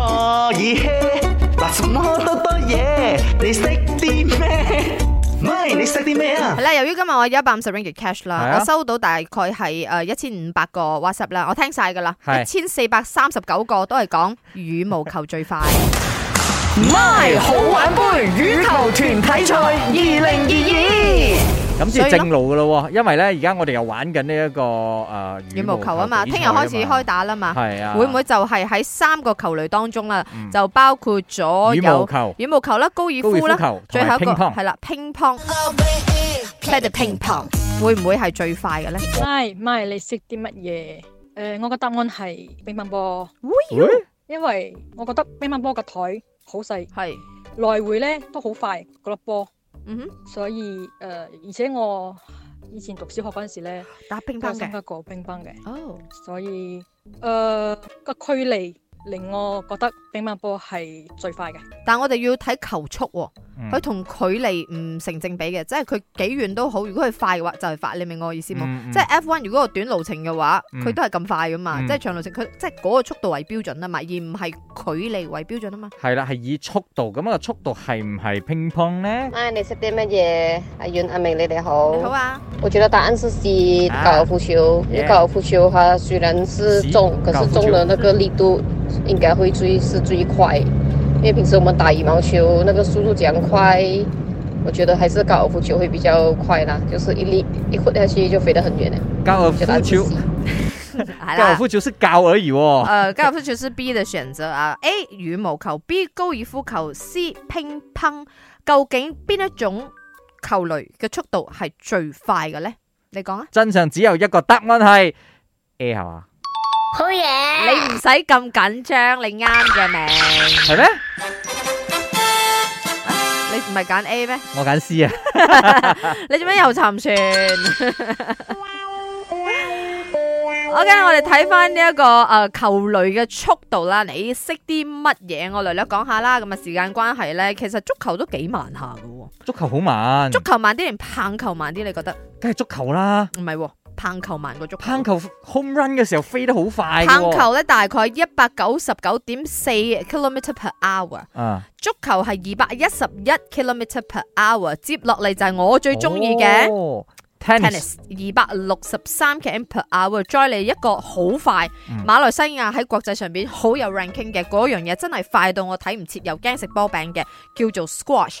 哦什麼多多嘢？你識啲咩？咪你識啲咩啊？係啦！由於今日我有一百五十 ringgit cash 啦、啊，我收到大概係誒一千五百個 WhatsApp 啦，我聽晒㗎啦，一千四百三十九個都係講羽毛球最快。唔係好玩杯羽毛球團體賽二零。咁先正路噶咯喎，因為咧而家我哋又玩緊呢一個誒羽毛球啊嘛，聽日開始開打啦嘛，啊嗯、會唔會就係喺三個球類當中啦？就包括咗羽毛球、羽毛球啦、高爾夫啦，最後一個係啦乒乓球，咩叫乒乓球？會唔會係最快嘅咧？Hi，媽，你識啲乜嘢？誒、呃，我個答案係乒乓波，因為我覺得乒乓波個台好細，係來回咧都好快，嗰粒波。嗯、mm -hmm.，所以呃而且我以前讀小學嗰陣時咧，打乒乓打參加過乒乓嘅，哦、oh.，所以呃個距離。令我覺得乒乓波係最快嘅，但係我哋要睇球速，佢同距離唔成正比嘅，即係佢幾遠都好。如果佢快嘅話就係快，你明白我意思冇、嗯嗯？即係 F1 如果個短路程嘅話，佢都係咁快噶嘛。即係長路程佢即係嗰個速度為標準啊嘛，而唔係距離為標準啊嘛。係啦，係以速度咁啊，那個、速度係唔係乒乓咧？媽，你識啲乜嘢？阿遠、阿明，你哋好。好啊。我覺得答案是 C，打高爾夫球。你高爾夫球嘅話，雖然是重可是重的那個力度。應該會最是最快，因為平時我們打羽毛球那個速度較快，我覺得還是高爾夫球會比較快啦。就是一力一揮下去就飛得很遠高爾夫球，高爾夫球是高而已哦、嗯。呃，高爾夫球是 B 的選擇啊，啊。A 羽毛球，B 高爾夫球，C 乒乓，究竟邊一種球類嘅速度係最快嘅咧？你講啊。真相只有一個，答案係 A 係嘛。好嘢！你唔使咁緊張，你啱嘅名係咩？你唔係揀 A 咩？我揀 C 啊！你做咩又沉船？好嘅，我哋睇翻呢一個誒球類嘅速度啦。你識啲乜嘢？我略略講下啦。咁啊，時間關係咧，其實足球都幾慢下噶。足球好慢。足球慢啲定棒球慢啲？你覺得？梗係足球啦。唔係。棒球慢過足球，棒球 home run 嘅時候飛得好快，哦。棒球咧，大概一百九十九點四 kilometre per hour，足球係二百一十一 kilometre per hour。接落嚟就係我最中意嘅 tennis，二百六十三 kilometre per hour，再嚟一個好快，嗯。馬來西亞喺國際上邊好有 ranking 嘅嗰樣嘢，真係快到我睇唔切，又驚食波餅嘅，叫做 squash。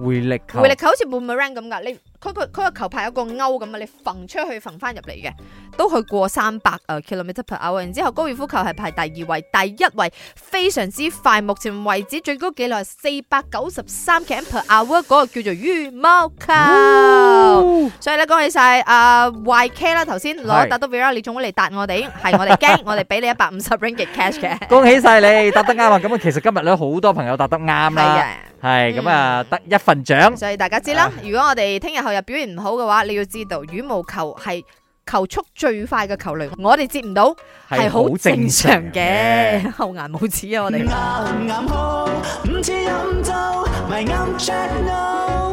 回力球，回力球好似 boomerang 咁噶，你佢佢個球拍有個勾咁啊，你縫出去縫翻入嚟嘅，都去過三百誒 kilometre per hour。然之後高爾夫球係排第二位，第一位非常之快，目前為止最高紀錄係四百九十三 kilometre per hour，嗰個叫做羽毛球。Woo! 所以咧，恭喜晒阿、呃、YK 啦，頭先攞答得啱，你仲會嚟答我哋，係 我哋驚，我哋俾你一百五十 ringgit cash 嘅。恭喜晒你答得啱啊！咁啊，其實今日咧好多朋友答得啱啦。係咁啊，得一份獎，所以大家知啦。如果我哋聽日後日表現唔好嘅話，你要知道羽毛球係球速最快嘅球類，我哋接唔到係好正常嘅，厚顏冇恥啊！我哋。